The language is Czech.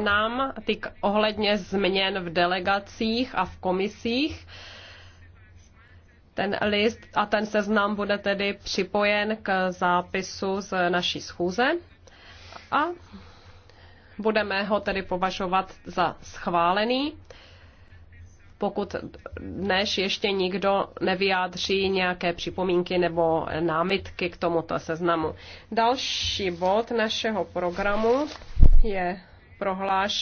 nám týk ohledně změn v delegacích a v komisích. Ten list a ten seznam bude tedy připojen k zápisu z naší schůze a budeme ho tedy považovat za schválený, pokud dnes ještě nikdo nevyjádří nějaké připomínky nebo námitky k tomuto seznamu. Další bod našeho programu je prohlášení